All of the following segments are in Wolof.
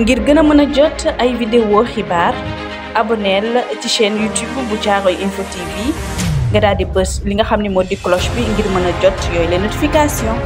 ngir gën a mën a jot ay vidéo xibaar aboneel ci chaîne YouTube bu Caaroy info TV nga daal di bës li nga xam ne moo di cloche bi ngir mën a jot yooyu les notification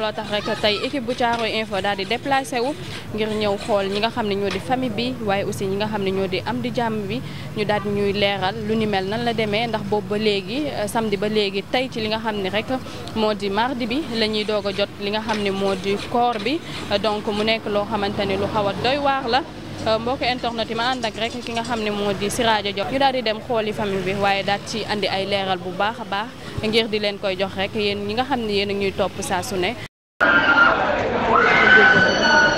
loo tax rek tey équipe bu Caaroy info daal di déplacé wu ngir ñëw xool ñi nga xam ne ñoo di famille bi waaye aussi ñi nga xam ne ñoo di am di jàmm bi ñu daal di ñuy leeral lu ni mel nan la demee ndax boobu ba léegi euh, samdi ba léegi tey ci li nga xam ne rek moo di mardi bi la ñuy doog jot li nga xam ne moo di koor bi donc mu nekk loo xamante ne lu xaw a doy waar la euh, mbokk internet yi ma ànd ak rek ki nga xam ne moo di Siraja Diop ñu daal di dem xooli famille bi waaye daal ci andi ay leeral bu baax a baax ngir di leen koy jox rek yéen ñi nga xam ne yéen a ñuy topp saa su ne Thank you.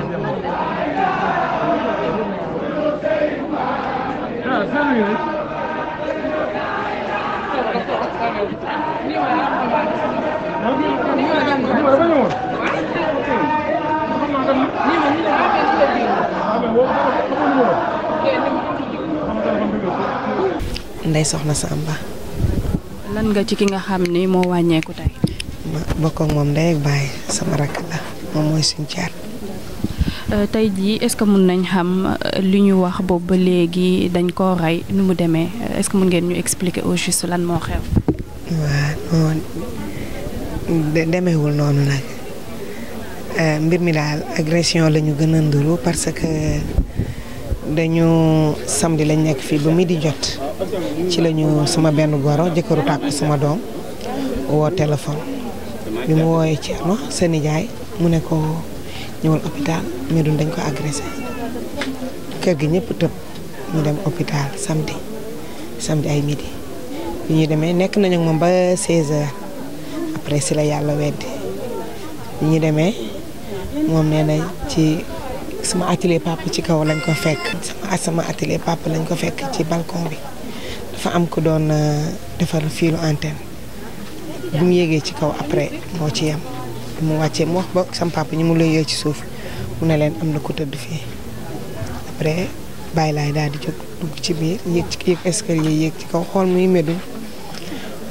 Ndey soxna Samba lan nga ci ki nga xamni mo moo wàññeeku bokk mom ndey ak bay sama rak la mom moy suñ ciar Euh, tey jii est-ce que mun nañ xam euh, li ñu wax boobu ba léegi dañ ko rey nu mu demee euh, est-ce que mun ngeen ñu expliquer au juste lan moo xew. waaw demeewul noonu nag mbir mi daal agression lañu ñu gën a nduru parce que dañu samdi lañ nekk fii ba di jot ci lañu suma benn goro jëkkëru tàkk sama doom woo téléphone bi mu wooyee Thierno sa nijaay mu ne ko. ñëwal hôpital Medoune dañ ko agressé kër gi ñëpp tëb ñu dem hôpital samedi samedi ay midi bi ñuy demee nekk nañu moom ba 16h après si la yàlla weddi bi ñu demee moom nee na ci sama atelier papa ci kaw lañ ko fekk. sama sama atelier papa lañ ko fekk ci balcon bi dafa am ko doon euh, defar fiilu antenne bu mu yéegee ci kaw après moo ci yem. mu wàccee mu wax ba sam papa ñi mu lay yooyu ci suuf mu ne leen am na ko tëdd fii après bàyyi laay daal di jóg dugg ci biir yéeg ci yéeg escalier yéeg ci kaw xool muy medul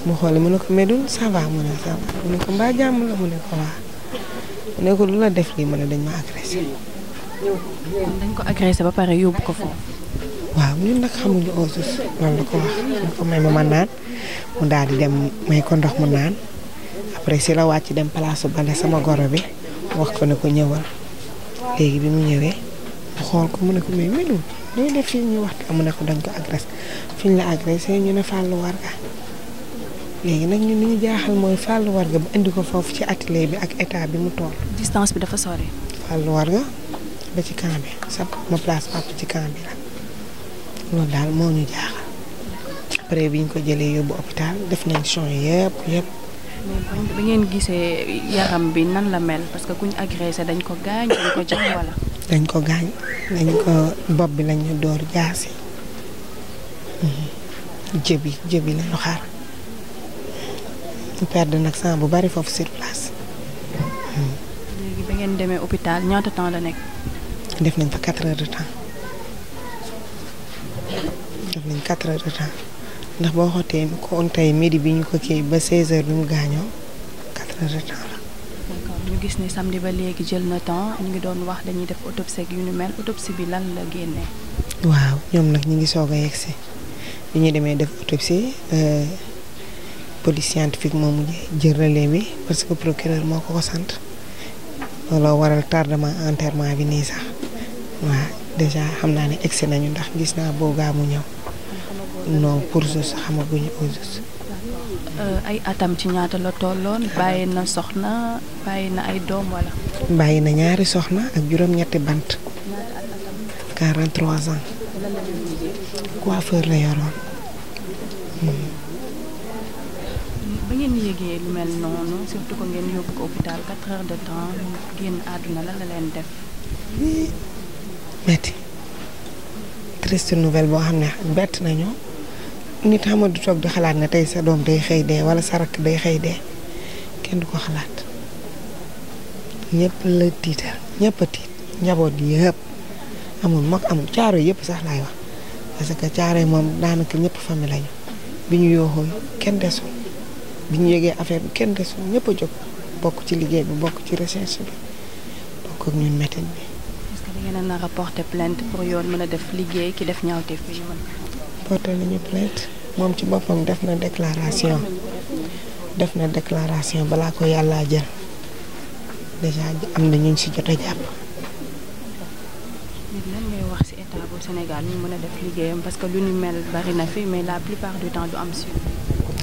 mu xoole mu ne ko medul ça va mu ne ça ko mbaa jàmm la mu ne ko waa mu ne ko def lii ma ne dañ ma agressé. ko agressé ba pare yóbbu ko foofu. waaw ñun nag au juste loolu la ko may ma ma naan mu daal dem may ko ndox mu naan. après si la wàcc dem place bale sama goro bi wax ko ne ko ñëwal léegi bi mu ñëwee mu xool ko mu ne ko mais melu looy def fii ñuy waxtaan mu ne ko dañ ko agress fiñ la agressé ñu ne fallu war ga nag nak ñu ñu jaaxal moy fallu war ga bu andi ko fofu ci atelier bi ak état bi mu toll. distance bi dafa sori. fallu war ga ba ci camp bi sa ma place papa ci camp bi la loolu daal moo ñu jaaxal après biñ ko jëlee yóbbu hôpital def nañ son yëpp yëpp mais ba ngeen gisee yaram bi nan la mel parce que kuñ agressé dañ ko gaañ dañ ko jox wala dañ ko gaañ dañ ko bopp bi lañu door jaasi jëbi jëbi lañu xaar perdre nak sang bu bari foofu sur place léegi ba ngeen demee hôpital ñaata temps la nekk def nañ fa 4 heures de temps def nañ 4 heures de temps ndax boo xootee ko on tey midi bi ñu ko kii ba 16 heures bi mu gaañoo 4 heures d'accord ñu gis ni samedi ba léegi jël na temps ñu ngi doon wax dañuy def autopsie ak yu ni mel autopsie bi lan la génnee. waaw ñoom nag ñu ngi soog a yegsi bi ñu demee def autopsie euh, police scientifique moomu jël relais bi parce que procureur moo ko ko sant waral tardement enterrement bi nii sax waaw déjà xam naa ne egsi nañu ndax gis naa boogaa mu no pour juste xamaguñu pour juste. Euh, ay atam ci ñaata la tolloon bàyyi na soxna bàyyi na ay doom wala. bàyyi na ñaari soxna ak juróom-ñetti bant. 43 ans. coiffeur la yoroon. Hmm. ba ngeen lu mel noonu surtout de temps génn àdduna la la leen def. metti triste nouvelle boo xam ne bett nañu. nit xam du toog di xalaat na tey sa doom day xëy dee wala sa rakk day xëy dee kenn du ko xalaat ñëpp la tiital ñëpp a tiit njaboot yëpp amul mag amul caaro yëpp sax laay wax parce que caaro yi moom daanaka ñëpp famille lañu bi ñu yooxoo kenn desul bi ñu yëgee affaire bi kenn desul ñëpp a jóg bokk ci liggéey bi bokk ci recherche bi bokk ñun métti bi. que da ngeen a nar a yoon mën a def liggéey ki def ñaawteef bi porté nañu plainte moom ci boppam def na déclaration def na déclaration bala ko yàllaa jël déjà am na ñu si jot a jàpp. lan ngay wax si état bu Sénégal ñu mën a def liggéeyam parce que lu ñu mel bari na fi mais la plupart du temps du am suivi.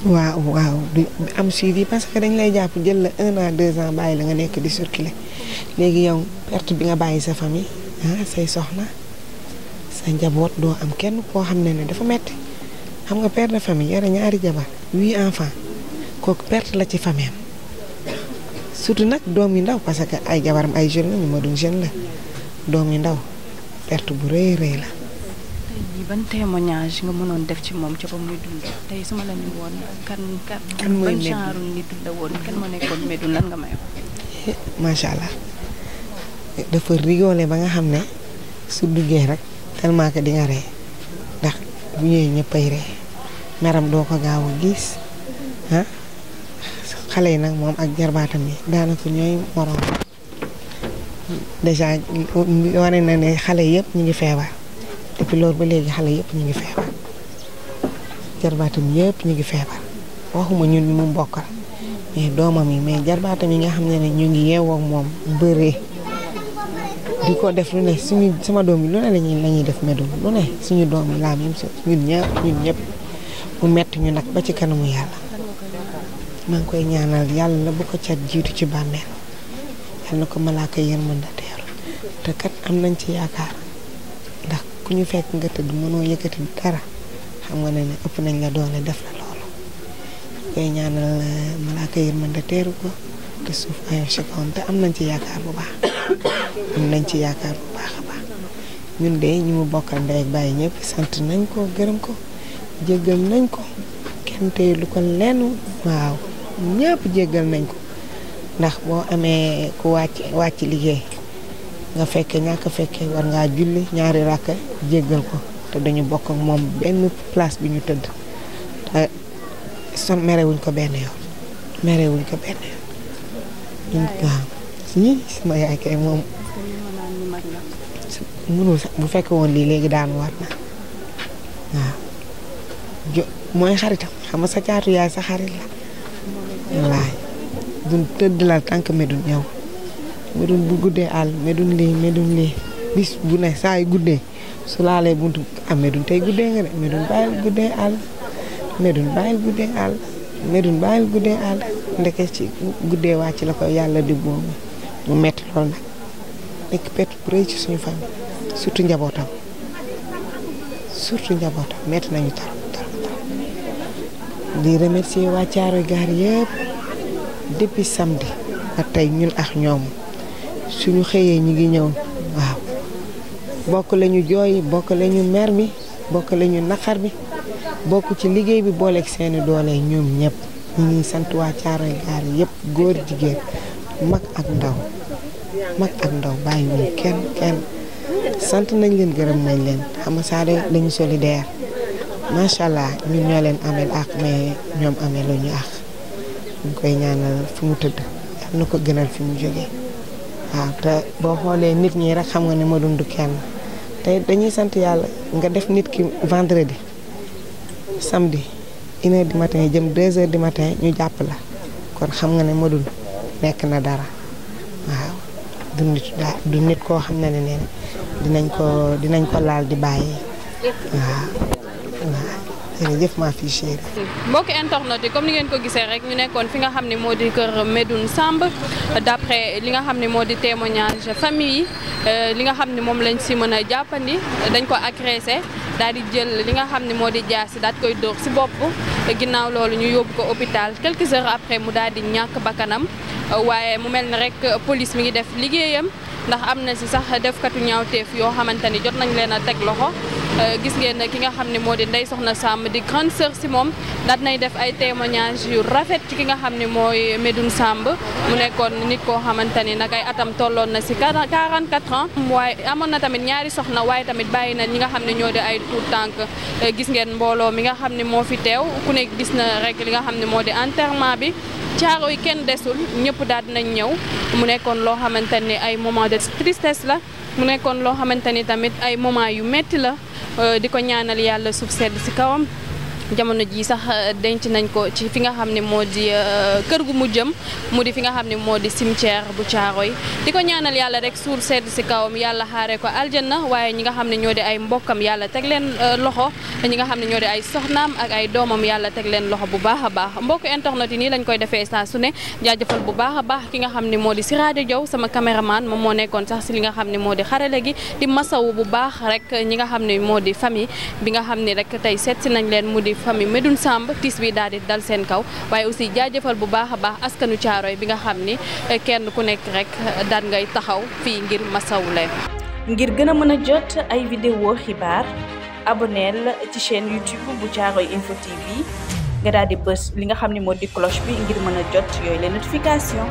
waaw waaw du am suivi parce que dañ lay jàpp jël la un an deux ans bàyyi la nga nekk di circuler léegi yow perte bi nga bàyyi sa famille ah say soxna. sa njaboot doo am kenn koo xam ne ne dafa metti xam nga père de famille yore ñaari jabar huit enfants kooku perte la ci famille am surtout nag doom yu ndaw parce que ay jabaram ay jeune la ñu ma doon jeune la doom yu ndaw perte bu rëy rëy la. tey jii ban témoignage mënoon def ci moom ca ba muy dund tey su ma la ñu woon kan kan. kan mooy la ma macha allah dafa rigolé ba nga xam ne su duggee rek. tellement que di nga ree ndax bu ñëwee ñëppay ree meram doo ko gaaw a gis ah xale yi nag moom ak jarbaatam yi daanaka ñooy morom mm, déjà wane na ne xale yëpp ñu ngi feebar depuis loolu ba léegi xale yëpp ñu ngi feebar jarbaatam yëpp ñu ngi feebar waxuma ñun ñu mu bokkal mais doomam yi mais jarbaatam yi nga xam ne ne ñu ngi yeewoo moom bëree di ko def lu ne suñu sama doom yi lu ne lañuy la def medul lu ne suñu doom yi laa même chose ñun ñëpp ñun ñëpp mu metti ñu nag ba ci kanamu yàlla maa ngi koy ñaanal yàlla bu ko cat jiitu ci bàmmeel yàlla na ko malaaka yërmande teeru te kat am nañ ci yaakaar ndax ku ñu fekk nga tëdd mënoo yëkkati dara xam nga ne ne ëpp nañ la doole def la loolu koy ñaanal euh, malaaka yërmande ko wàcc suuf ayof te am nañ ci yaakaar bu baax am nañ ci yaakaar bu baax a ñun de ñu mu bokkal ndey ak bàyyi ñëpp sant nañ ko gërëm ko jéggal nañ ko kenn tey lu ko lenn waaw ñëpp jéggal nañ ko ndax boo amee ku wàcc wàcc liggéey nga fekke ñàkk fekkee war ngaa julli ñaari ràkk jéggal ko te dañu bokk moom benn place bi ñu tëdd te son merewuñ ko benn yoon merewuñ ko benn yoon waaw suñu sama yaay kay moom mënul sax bu fekk woon lii léegi daanu war na waaw mooy xaritam xam nga sa caatu yaay sa xarit la wallaay duñ tëdd la tànk medun ñëw medun bu guddee àll medun lii medun lii bis bu ne saa yu guddee su laalee buntu am ah, medun tey guddee nga de medun bàyyil guddee àll medun bàyyil guddee àll Médoune bàyyi guddee àll ndeke ci guddee wàcc la ko yàlla di boobu mu metti lool nag nekk pett bu rëy ci suñu famille surtout njabootam surtout njabootam metti nañu tarap tarap tarap di remercier waa Caaroy gaar yëpp depuis samedi ba tey ñun ak ñoom suñu xëyee ñi ngi ñëw waaw bokk lañu jooy bokk lañu mer bokk la naqar bi bokk ci liggéey bi booleek seeni doole ñoom ñëpp ñu ngi sant waa Caaroy Gaar yëpp góor jigéen mag ak ndaw mag ak ndaw bàyyi ñu kenn kenn sant nañ leen gërëm nañ leen xam nga saa dañu solidaire macha allah ñun ñoo leen amel ak mais ñoom amelu ñu ak ñu koy ñaanal fi mu tëdd yàlla na ko gënal fi mu jógee waaw te boo xoolee nit ñi rek xam nga ni ma dund kenn. te dañuy sant yàlla nga def nit ki vendredi samedi une heure du matin jëm deux heures du matin ñu jàpp la kon xam nga ne Modou nekk na dara waaw du nit daa du nit koo xam ne ne neen dinañ ko dinañ ko laal di bàyyi waaw waaw jërëjëf maa fi chéri mbokki internet yi comme ni ngeen ko gisee rek ñu nekkoon fi nga xam ne moo di kër Medoune Samb d'après li nga xam ne moo di témoignage famille yi euh, li nga xam ne moom lañ si mën a jàppandi dañ ko agressé daal di jël li nga xam ne moo di jaasi daal di koy dóor si bopp ginnaaw loolu ñu yóbbu ko hôpital quelques heures après mu daal di ñàkk bakkanam waaye mu mel ni rek police mi ngi def liggéeyam ndax am na si sax ñaaw teef yoo xamante ni jot nañ leen a teg loxo euh, gis ngeen ki nga xam ne moo di Ndeye Soxna sàmb di grande sœur si moom daat nay def ay témoignage yu rafet ci ki nga xam ne mooy Medoune Samb mu nekkoon nit koo xamante ni nag ay atam tolloon na si 44 ans waaye amoon na tamit ñaari soxna waaye tamit bàyyi na ñi nga xam ne ñoo di ay tuut tànk euh, gis ngeen mbooloo mi nga xam ne moo fi teew ku ne gis na rek li nga xam ne moo di enterrement bi caaro yi kenn desul ñëpp daal dinañ ñëw mu nekkoon loo xamante ni ay moment de tristesse la mu nekkoon loo xamante ni tamit ay moment yu metti la euh, di ko ñaanal yàlla suuf sedd ci kawam jamono ji sax euh, denc nañ ko ci fi nga xam ne moo di euh, kër gu mu jëm mu di fi nga xam ne moo di cimetière bu yi di ko ñaanal yàlla rek suur seet si kawam yàlla xaare ko na waaye ñi nga xam ne ñoo di ay mbokkam yàlla teg leen euh, loxo ñi nga ne ñoo di ay soxnaam ak ay doomam yàlla teg leen loxo bu baax a baax mbokk internet yi nii lañ koy defee saa su ne jaajëfal bu baax a baax ki nga xam ne moo di si Siraajo Jaw sama caméraman moom moo nekkoon sax si li nga xam ne moo di xarale gi di masawu bu baax rek ñi nga xam ne moo di famille bi nga xam ne rek tey famille Medoune Samb tiis bi daal di dal seen kaw waaye aussi jaajëfal bu baax a baax askanu Caaroy bi nga xam ni eh, kenn ku nekk rek daan ngay taxaw fii ngir masawu leen. ngir gën a mën a jot ay vidéo xibaar aboneel ci chaîne YouTube bu Caaroy info TV nga daal di bës li nga xam ne moo di cloche bi ngir mën a jot yooyu les notification